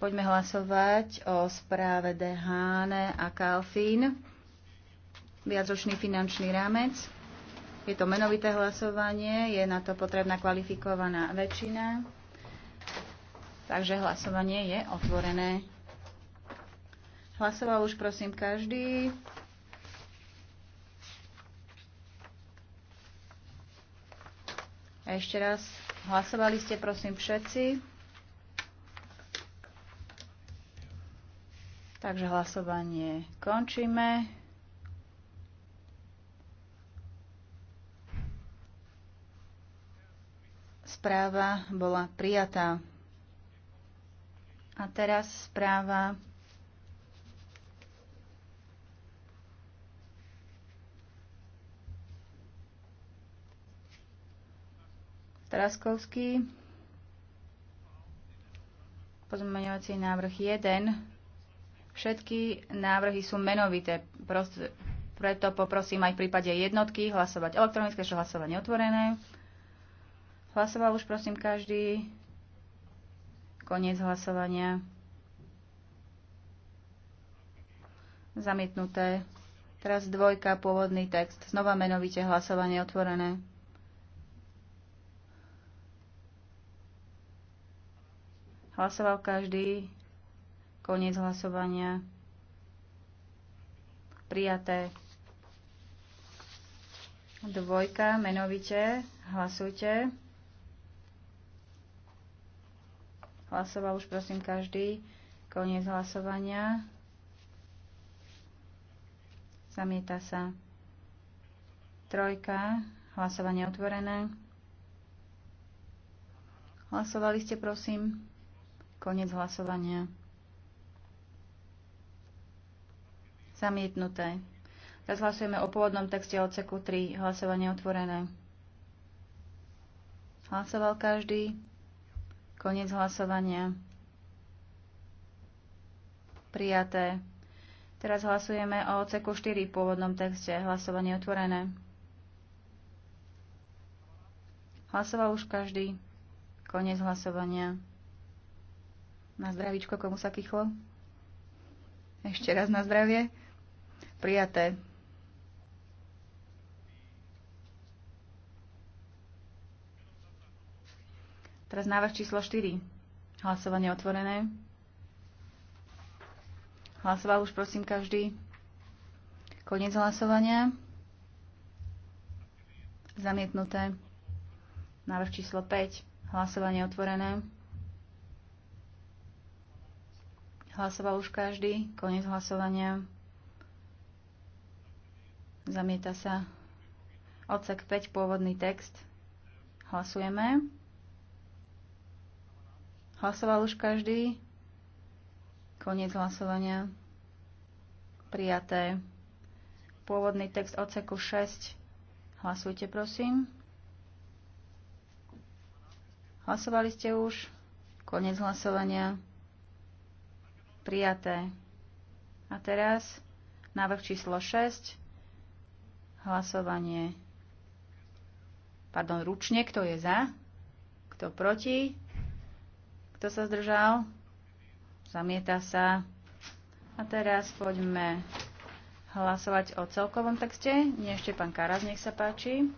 Poďme hlasovať o správe Deháne a Kalfín. Viacročný finančný rámec. Je to menovité hlasovanie, je na to potrebná kvalifikovaná väčšina. Takže hlasovanie je otvorené. Hlasoval už prosím každý. Ešte raz. Hlasovali ste prosím všetci. Takže hlasovanie končíme. Správa bola prijatá. A teraz správa Traskovský. Pozmeňovací návrh 1 Všetky návrhy sú menovité, preto poprosím aj v prípade jednotky hlasovať elektronické, čo hlasovanie otvorené. Hlasoval už prosím každý. Koniec hlasovania. Zamietnuté. Teraz dvojka, pôvodný text. Znova menovite hlasovanie otvorené. Hlasoval každý. Koniec hlasovania. Prijaté. Dvojka, menovite. Hlasujte. Hlasoval už prosím každý. Koniec hlasovania. Zamieta sa. Trojka. Hlasovanie otvorené. Hlasovali ste, prosím. Koniec hlasovania. Zamietnuté. Teraz hlasujeme o pôvodnom texte odseku 3. Hlasovanie otvorené. Hlasoval každý. Koniec hlasovania. Prijaté. Teraz hlasujeme o odseku 4 v pôvodnom texte. Hlasovanie otvorené. Hlasoval už každý. Koniec hlasovania. Na zdravíčko, komu sa kýchlo? Ešte raz na zdravie. Prijaté. Teraz návrh číslo 4. Hlasovanie otvorené. Hlasoval už prosím každý. Koniec hlasovania. Zamietnuté. Návrh číslo 5. Hlasovanie otvorené. Hlasoval už každý. Koniec hlasovania. Zamieta sa odsek 5, pôvodný text. Hlasujeme. Hlasoval už každý. Koniec hlasovania. Prijaté. Pôvodný text odseku 6. Hlasujte, prosím. Hlasovali ste už. Koniec hlasovania. Prijaté. A teraz návrh číslo 6. Hlasovanie. Pardon, ručne. Kto je za? Kto proti? Kto sa zdržal? Zamieta sa. A teraz poďme hlasovať o celkovom texte. Nie ešte pán Karas, nech sa páči.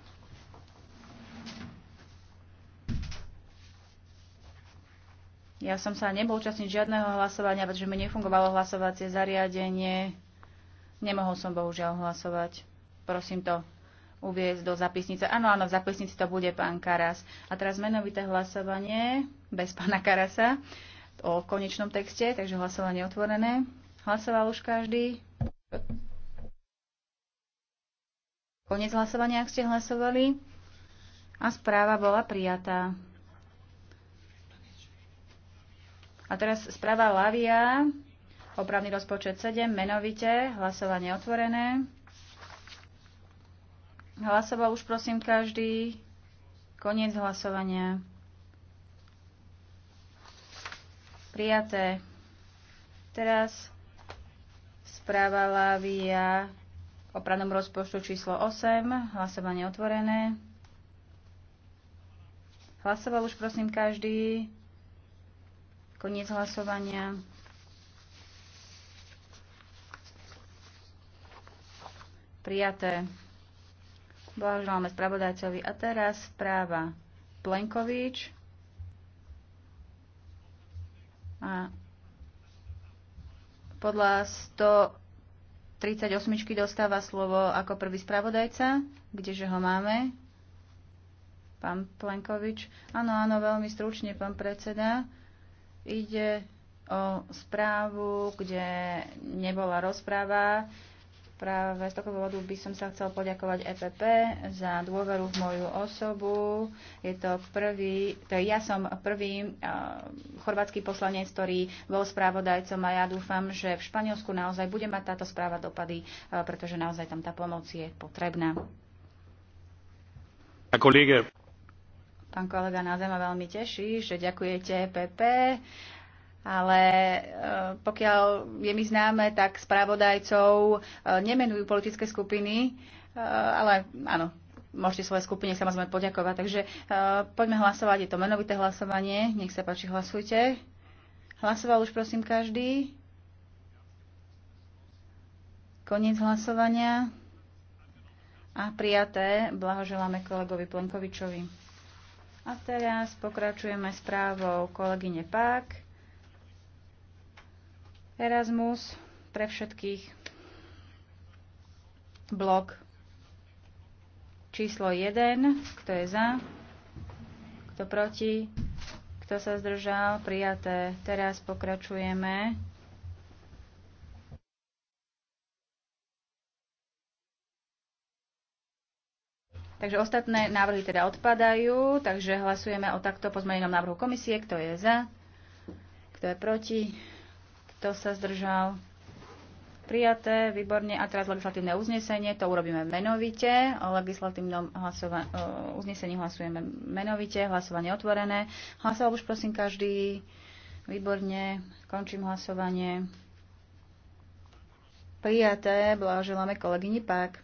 Ja som sa nebol účastniť žiadneho hlasovania, pretože mi nefungovalo hlasovacie zariadenie. Nemohol som bohužiaľ hlasovať. Prosím to uviezť do zapisnice. Áno, áno, v zapisnici to bude pán Karas. A teraz menovité hlasovanie bez pána Karasa o konečnom texte, takže hlasovanie otvorené. Hlasoval už každý. Konec hlasovania, ak ste hlasovali. A správa bola prijatá. A teraz správa Lavia, opravný rozpočet 7, menovite, hlasovanie otvorené. Hlasoval už prosím každý. Koniec hlasovania. Prijaté. Teraz správa Lávia o pranom rozpočtu číslo 8. Hlasovanie otvorené. Hlasoval už prosím každý. Koniec hlasovania. Prijaté. Blahoželáme spravodajcovi. A teraz správa Plenkovič. A podľa 138 dostáva slovo ako prvý spravodajca. Kdeže ho máme? Pán Plenkovič. Áno, áno, veľmi stručne, pán predseda. Ide o správu, kde nebola rozpráva Práve z toho dôvodu by som sa chcel poďakovať EPP za dôveru v moju osobu. Je to prvý, to ja som prvý uh, chorvátsky poslanec, ktorý bol správodajcom a ja dúfam, že v Španielsku naozaj bude mať táto správa dopady, uh, pretože naozaj tam tá pomoc je potrebná. A kolege. Pán kolega, naozaj veľmi teší, že ďakujete EPP ale eh, pokiaľ je mi známe, tak spravodajcov eh, nemenujú politické skupiny, eh, ale áno, môžete svoje skupine samozrejme poďakovať. Takže poďme hlasovať, je to menovité hlasovanie, nech sa páči, hlasujte. Hlasoval už prosím každý. Koniec hlasovania. A prijaté, blahoželáme kolegovi Plenkovičovi. A teraz pokračujeme správou kolegyne Pák. Erasmus pre všetkých. Blok číslo 1, kto je za, kto proti, kto sa zdržal, prijaté. Teraz pokračujeme. Takže ostatné návrhy teda odpadajú, takže hlasujeme o takto pozmenenom návrhu komisie, kto je za, kto je proti, kto sa zdržal? Prijaté, výborne. A teraz legislatívne uznesenie, to urobíme menovite. O legislatívnom hlasova- uznesení hlasujeme menovite, hlasovanie otvorené. Hlasoval už prosím každý. Výborne, končím hlasovanie. Prijaté, blahoželáme kolegyni Pak.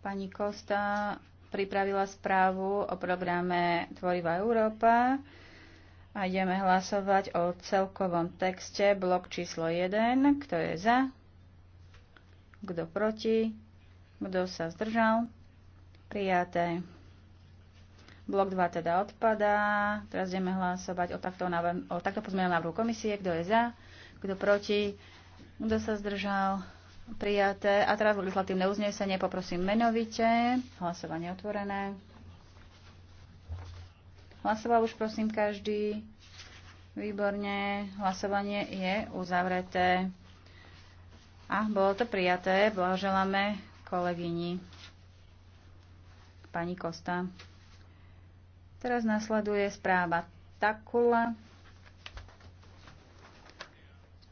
Pani Kosta, pripravila správu o programe Tvorivá Európa a ideme hlasovať o celkovom texte blok číslo 1. Kto je za? Kto proti? Kto sa zdržal? Prijaté. Blok 2 teda odpadá. Teraz ideme hlasovať o takto, návrhu, o takto pozmenenom návrhu komisie. Kto je za? Kto proti? Kto sa zdržal? Prijaté. A teraz legislatívne uznesenie poprosím menovite. Hlasovanie otvorené. Hlasoval už prosím každý. Výborne. Hlasovanie je uzavreté. A bolo to prijaté. Blahoželáme kolegyni pani Kosta. Teraz nasleduje správa Takula.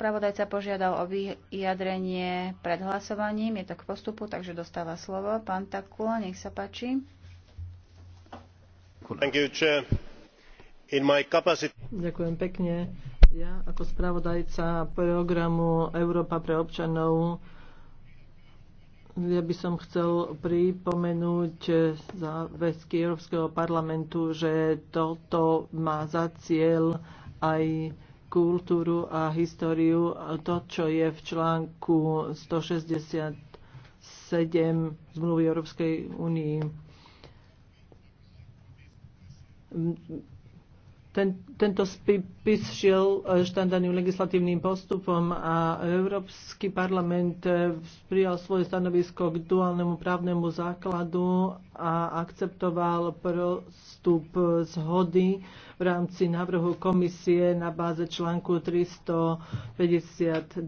Spravodajca požiadal o vyjadrenie pred hlasovaním. Je to k postupu, takže dostáva slovo. Pán Takula, nech sa páči. You, capacity... Ďakujem pekne. Ja ako spravodajca programu Európa pre občanov ja by som chcel pripomenúť záväzky Európskeho parlamentu, že toto má za cieľ aj kultúru a históriu, to, čo je v článku 167 zmluvy Európskej únii. Ten, tento spis šiel štandardným legislatívnym postupom a Európsky parlament prijal svoje stanovisko k duálnemu právnemu základu a akceptoval prostup zhody v rámci návrhu komisie na báze článku 352.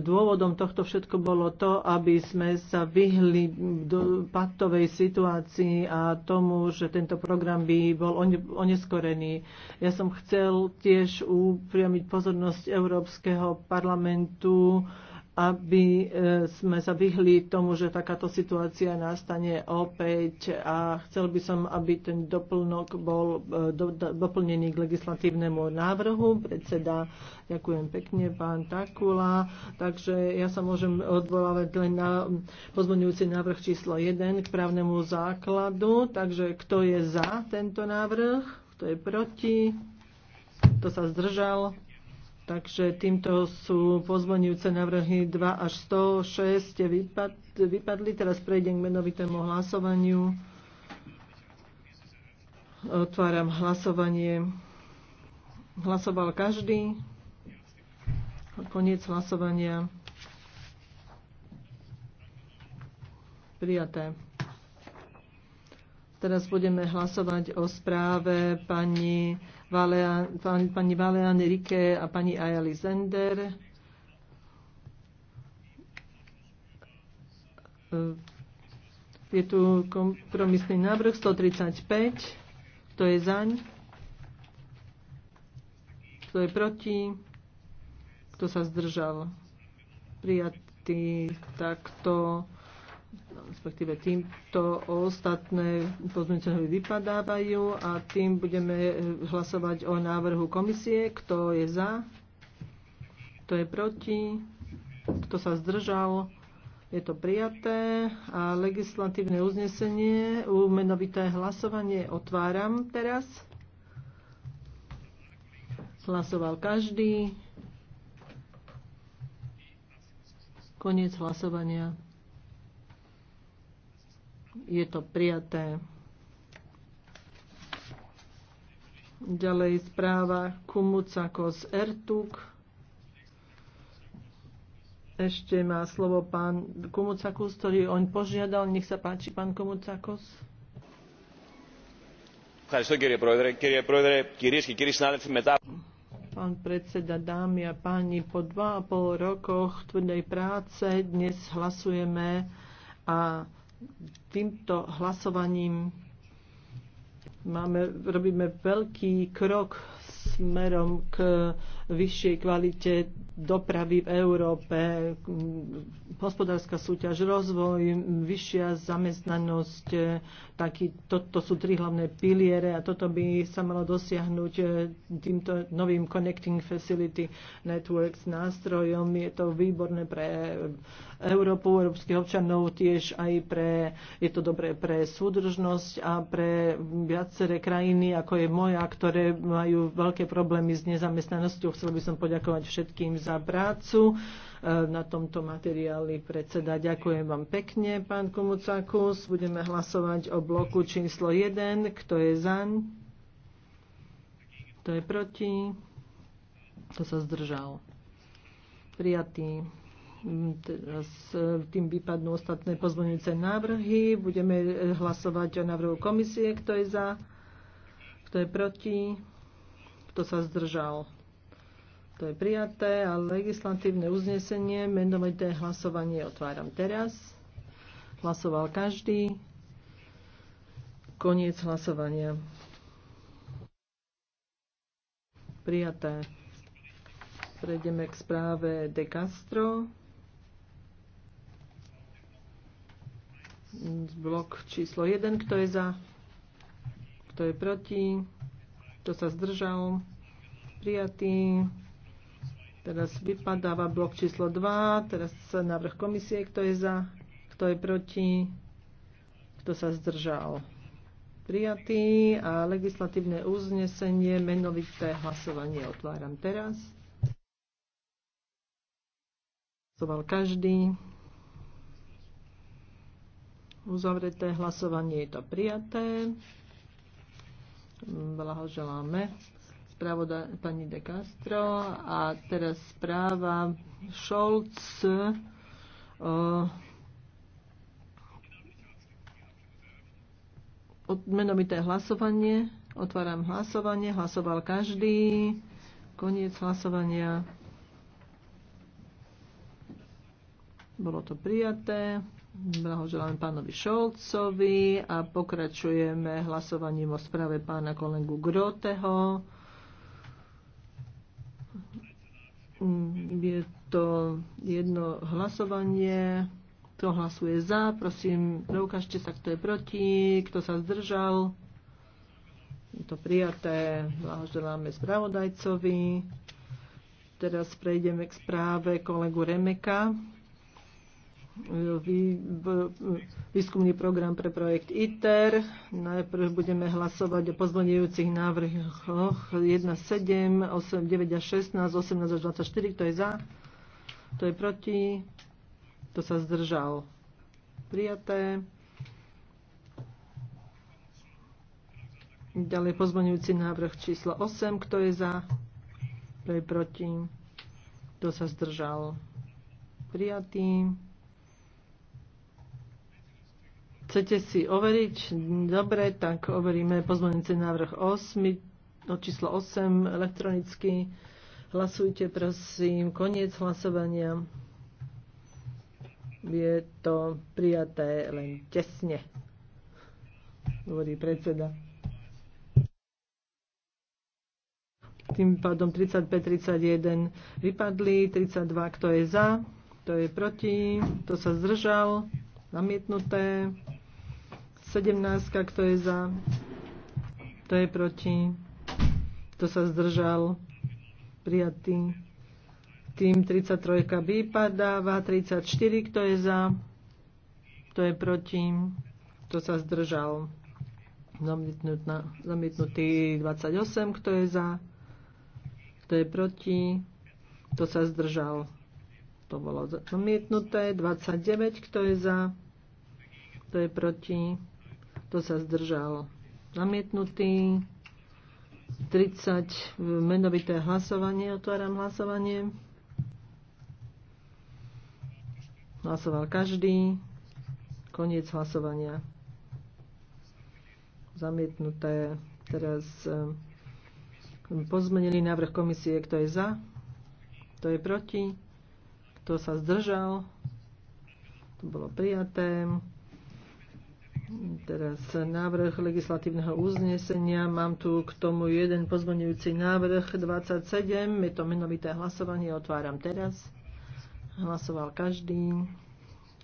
Dôvodom tohto všetko bolo to, aby sme sa vyhli do patovej situácii a tomu, že tento program by bol oneskorený. Ja som chcel tiež upriamiť pozornosť Európskeho parlamentu aby e, sme sa vyhli tomu, že takáto situácia nastane opäť a chcel by som, aby ten doplnok bol e, do, do, doplnený k legislatívnemu návrhu. Predseda, ďakujem pekne, pán Takula. Takže ja sa môžem odvolávať len na pozmeňujúci návrh číslo 1 k právnemu základu. Takže kto je za tento návrh? Kto je proti? Kto sa zdržal? Takže týmto sú pozvonujúce návrhy 2 až 106 vypadli. Teraz prejdem k menovitému hlasovaniu. Otváram hlasovanie. Hlasoval každý. Koniec hlasovania. Prijaté. Teraz budeme hlasovať o správe pani pani Valean Rike a pani Ayali Zender. E, je tu kompromisný návrh 135. Kto je zaň? Kto je proti? Kto sa zdržal? Prijatý takto respektíve týmto ostatné pozmeňujúce návrhy vypadávajú a tým budeme e, hlasovať o návrhu komisie. Kto je za? Kto je proti? Kto sa zdržal? Je to prijaté a legislatívne uznesenie, umenovité hlasovanie otváram teraz. Hlasoval každý. Koniec hlasovania je to prijaté. Ďalej správa Kumucakos Ertuk. Ešte má slovo pán Kumucakos, ktorý on požiadal. Nech sa páči, pán Kumucakos. Pán predseda, dámy a páni, po dva a pol rokoch tvrdej práce dnes hlasujeme a týmto hlasovaním máme, robíme veľký krok smerom k vyššej kvalite dopravy v Európe, mm, hospodárska súťaž, rozvoj, vyššia zamestnanosť. E, taký, toto sú tri hlavné piliere a toto by sa malo dosiahnuť e, týmto novým Connecting Facility Networks nástrojom. Je to výborné pre Európu, európskych občanov, tiež aj pre, je to dobré pre súdržnosť a pre viaceré krajiny, ako je moja, ktoré majú veľké problémy s nezamestnanosťou Chcel by som poďakovať všetkým za prácu e, na tomto materiáli predseda. Ďakujem vám pekne, pán Komucakus. Budeme hlasovať o bloku číslo 1. Kto je zaň? Kto je proti? Kto sa zdržal? Prijatý. Mm, teraz e, tým vypadnú ostatné pozvonujúce návrhy. Budeme e, hlasovať o návrhu komisie. Kto je za? Kto je proti? Kto sa zdržal? To je prijaté a legislatívne uznesenie, menovité hlasovanie otváram teraz. Hlasoval každý. Koniec hlasovania. Prijaté. Prejdeme k správe De Castro. Blok číslo 1. Kto je za? Kto je proti? Kto sa zdržal? Prijatý. Teraz vypadáva blok číslo 2, teraz návrh komisie, kto je za, kto je proti, kto sa zdržal. Prijatý a legislatívne uznesenie, menovité hlasovanie otváram teraz. Hlasoval každý. Uzavreté hlasovanie je to prijaté. Blahoželáme spravoda pani De Castro a teraz správa Scholz e, o menovité hlasovanie. Otváram hlasovanie. Hlasoval každý. Koniec hlasovania. Bolo to prijaté. Blahoželám pánovi Šolcovi a pokračujeme hlasovaním o správe pána kolegu Groteho. Mm, je to jedno hlasovanie. Kto hlasuje za, prosím, preukážte sa, kto je proti, kto sa zdržal. Je to prijaté. Blahoželáme spravodajcovi. Teraz prejdeme k správe kolegu Remeka výskumný program pre projekt ITER. Najprv budeme hlasovať o pozvonujúcich návrhoch 1, 7, 8, 9 a 16, 18 až 24. Kto je za? Kto je proti? Kto sa zdržal? Prijaté. Ďalej pozvonujúci návrh číslo 8. Kto je za? Kto je proti? Kto sa zdržal? Prijatý. Chcete si overiť? Dobre, tak overíme pozvanice návrh 8, no číslo 8 elektronicky. Hlasujte, prosím. Koniec hlasovania. Je to prijaté len tesne, hovorí predseda. Tým pádom 35-31 vypadli, 32 kto je za, kto je proti, kto sa zdržal, namietnuté. 17, kto je za, kto je proti, kto sa zdržal, prijatý. Tým 33 vypadáva, 34, kto je za, kto je proti, kto sa zdržal, zamietnutý 28, kto je za, kto je proti, kto sa zdržal, to bolo zamietnuté, 29, kto je za, kto je proti, to sa zdržal. Zamietnutý. 30 menovité hlasovanie. Otváram hlasovanie. Hlasoval každý. Koniec hlasovania. Zamietnuté. Teraz e, pozmenili návrh komisie. Kto je za? Kto je proti? Kto sa zdržal? To bolo prijaté teraz návrh legislatívneho uznesenia. Mám tu k tomu jeden pozvoňujúci návrh 27. Je to menovité hlasovanie. Otváram teraz. Hlasoval každý.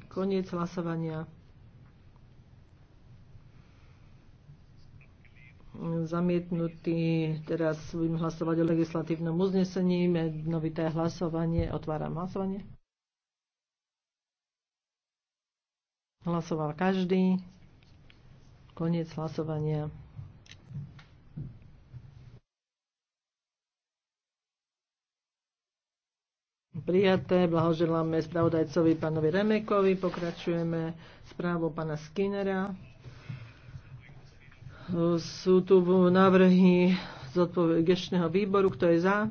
Koniec hlasovania. Zamietnutý. Teraz budem hlasovať o legislatívnom uznesení. Menovité hlasovanie. Otváram hlasovanie. Hlasoval každý. Koniec hlasovania. Prijaté, blahoželáme spravodajcovi pánovi Remekovi, pokračujeme správou pána Skinnera. Sú tu návrhy z odpovedečného výboru, kto je za?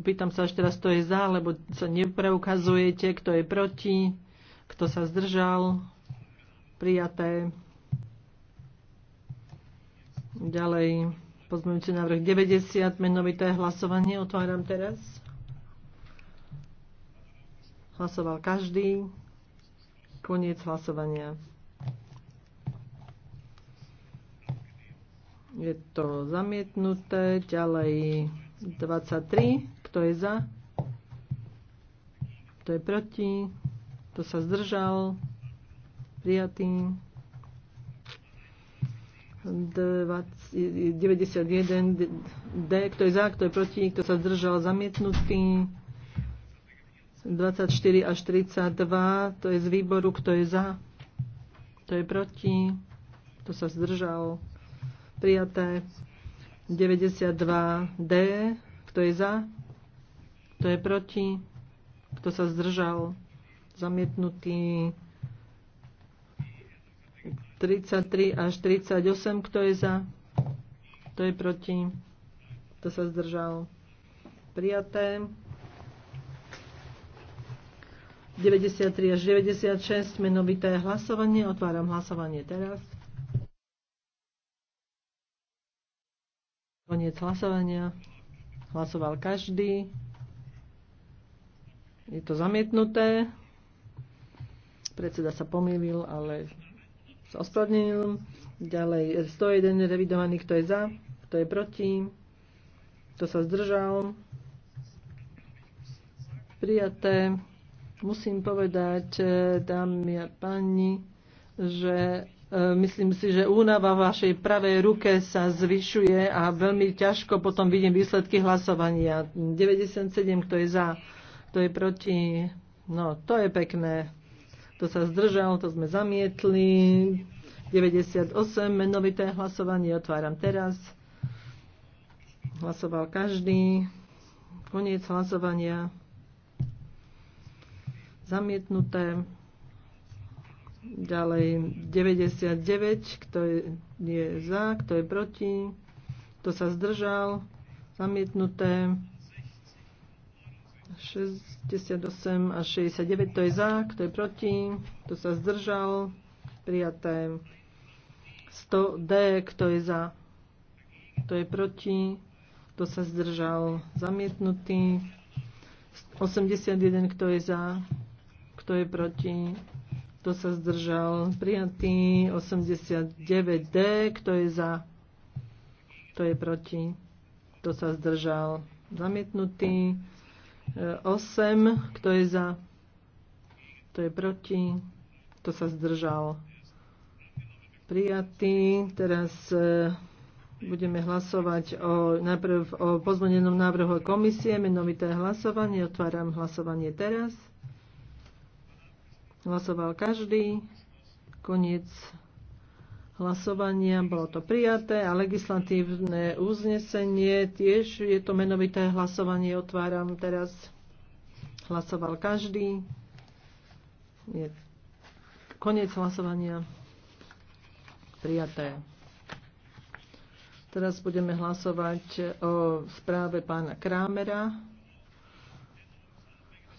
Pýtam sa ešte raz, kto je za, lebo sa nepreukazujete, kto je proti, kto sa zdržal prijaté. Ďalej pozmeňujúci návrh 90, menovité hlasovanie otváram teraz. Hlasoval každý. Koniec hlasovania. Je to zamietnuté. Ďalej 23. Kto je za? Kto je proti? Kto sa zdržal? prijatý. 91 D, kto je za, kto je proti, kto sa zdržal, zamietnutý. 24 až 32, to je z výboru, kto je za, kto je proti, kto sa zdržal, prijaté. 92D, kto je za, kto je proti, kto sa zdržal, zamietnutý. 33 až 38. Kto je za? Kto je proti? Kto sa zdržal? Prijaté. 93 až 96. Menovité hlasovanie. Otváram hlasovanie teraz. Koniec hlasovania. Hlasoval každý. Je to zamietnuté. Predseda sa pomýlil, ale s ospravedlnením. Ďalej 101 revidovaný, kto je za, kto je proti, kto sa zdržal. Prijaté. Musím povedať, eh, dámy a páni, že eh, myslím si, že únava v vašej pravej ruke sa zvyšuje a veľmi ťažko potom vidím výsledky hlasovania. 97, kto je za, kto je proti, no to je pekné. To sa zdržal, to sme zamietli. 98, menovité hlasovanie otváram teraz. Hlasoval každý. Koniec hlasovania. Zamietnuté. Ďalej 99, kto je, je za, kto je proti, kto sa zdržal, zamietnuté. 68 až 69, to je za, kto je proti, kto sa zdržal, prijaté. 100D, kto je za, kto je proti, kto sa zdržal, zamietnutý. 81, kto je za, kto je proti, kto sa zdržal, prijatý. 89D, kto je za, kto je proti, kto sa zdržal, zamietnutý. 8. Kto je za? Kto je proti? Kto sa zdržal? Prijatý. Teraz e, budeme hlasovať o, najprv o pozmenenom návrhu komisie, menovité hlasovanie. Otváram hlasovanie teraz. Hlasoval každý. Koniec hlasovania, bolo to prijaté a legislatívne uznesenie tiež je to menovité hlasovanie, otváram teraz. Hlasoval každý. Je koniec hlasovania. Prijaté. Teraz budeme hlasovať o správe pána Krámera.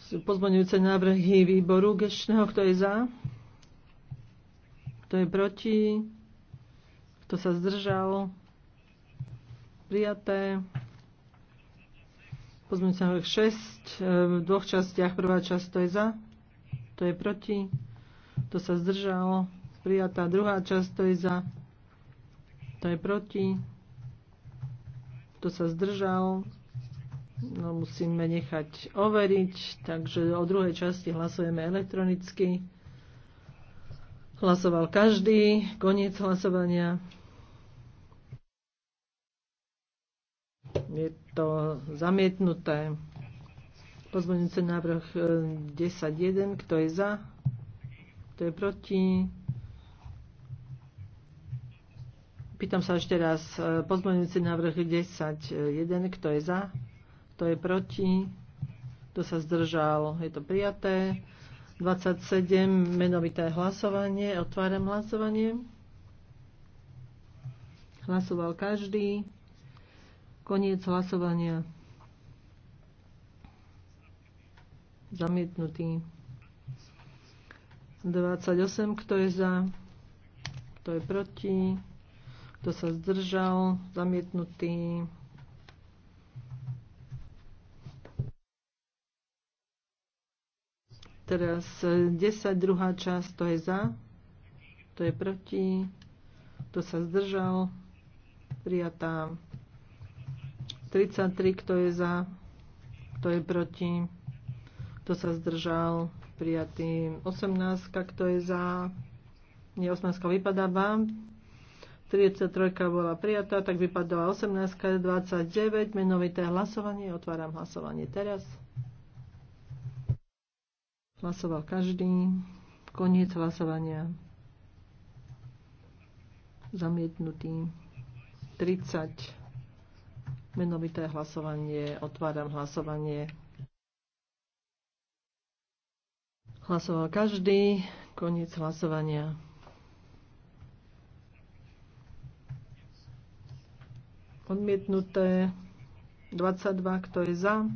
Sú pozmeňujúce návrhy výboru Gešného. Kto je za? Kto je proti? Kto sa zdržal? Prijaté. Pozmeňujúci návrh 6 e, v dvoch častiach. Prvá časť to je za, to je proti. Kto sa zdržal? Prijatá. Druhá časť to je za, to je proti. Kto sa zdržal? No, musíme nechať overiť, takže o druhej časti hlasujeme elektronicky. Hlasoval každý, koniec hlasovania. Je to zamietnuté. Pozvoňujúce návrh 10.1. E, Kto je za? Kto je proti? Pýtam sa ešte raz. E, Pozvoňujúce návrh 10.1. Kto je za? Kto je proti? Kto sa zdržal? Je to prijaté. 27. Menovité hlasovanie. Otváram hlasovanie. Hlasoval každý. Koniec hlasovania. Zamietnutý. 28. Kto je za? Kto je proti? Kto sa zdržal? Zamietnutý. Teraz 10, e, druhá časť, kto je za, to je proti, to sa zdržal, prijatá. 33, kto je za, kto je proti, kto sa zdržal, prijatý. 18, kto je za, nie 18 vám. 33 bola prijatá, tak vypadala 18, 29, menovité hlasovanie, otváram hlasovanie teraz. Hlasoval každý, koniec hlasovania. Zamietnutý. 30. Menovité hlasovanie. Otváram hlasovanie. Hlasoval každý. Koniec hlasovania. Odmietnuté 22, kto je za,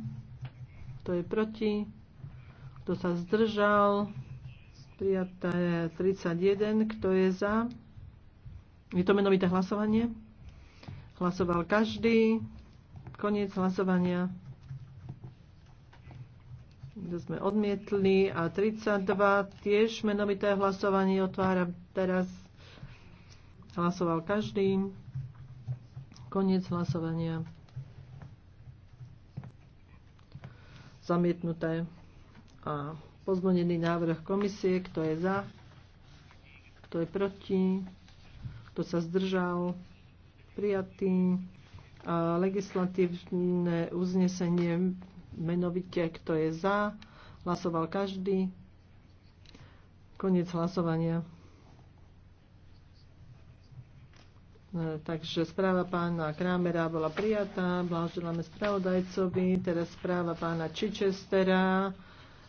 kto je proti, kto sa zdržal. Prijaté 31, kto je za. Je to menovité hlasovanie. Hlasoval každý. Koniec hlasovania. To sme odmietli. A 32 tiež menovité hlasovanie otváram teraz. Hlasoval každý. Koniec hlasovania. Zamietnuté. A pozmenený návrh komisie, kto je za, kto je proti, kto sa zdržal, prijatý legislatívne uznesenie menovite, kto je za. Hlasoval každý. Koniec hlasovania. E, takže správa pána Krámera bola prijatá, blahoželáme spravodajcovi, teraz správa pána Čičestera,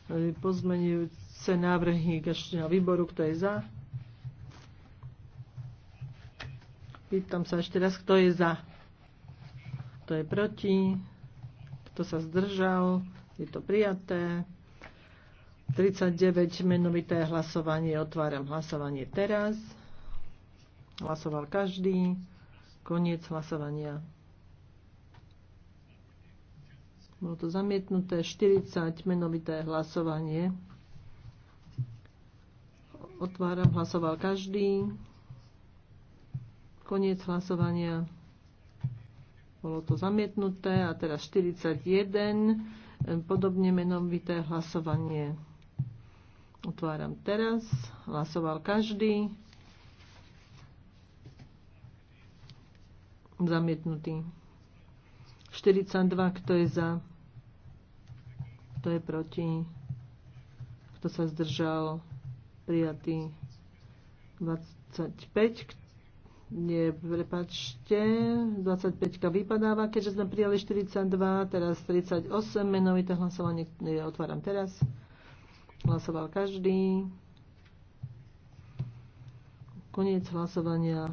e, pozmenujúce návrhy každého výboru, kto je za. Pýtam sa ešte raz, kto je za. Kto je proti? Kto sa zdržal? Je to prijaté. 39 menovité hlasovanie. Otváram hlasovanie teraz. Hlasoval každý. Koniec hlasovania. Bolo to zamietnuté 40 menovité hlasovanie. Otváram, hlasoval každý. Koniec hlasovania. Bolo to zamietnuté a teraz teda 41, eh, podobne menovité hlasovanie. Otváram teraz. Hlasoval každý. Zamietnutý. 42, kto je za? Kto je proti? Kto sa zdržal? Prijatý. 25, nie, prepačte, 25 vypadáva, keďže sme prijali 42, teraz 38, menovité hlasovanie ja otváram teraz. Hlasoval každý. Koniec hlasovania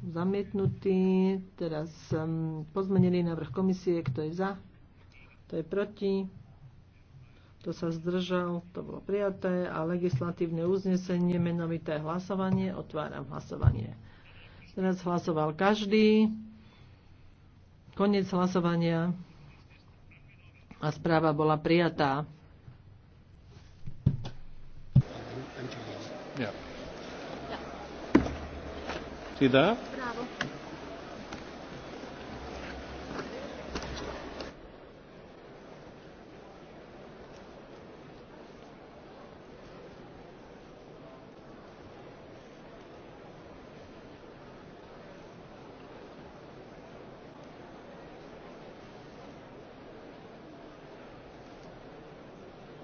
zamietnutý. Teraz um, pozmenili návrh komisie, kto je za, kto je proti, kto sa zdržal, to bolo prijaté a legislatívne uznesenie, menovité hlasovanie, otváram hlasovanie. Teraz hlasoval každý. Konec hlasovania. A správa bola prijatá. Yeah. Yeah. See that?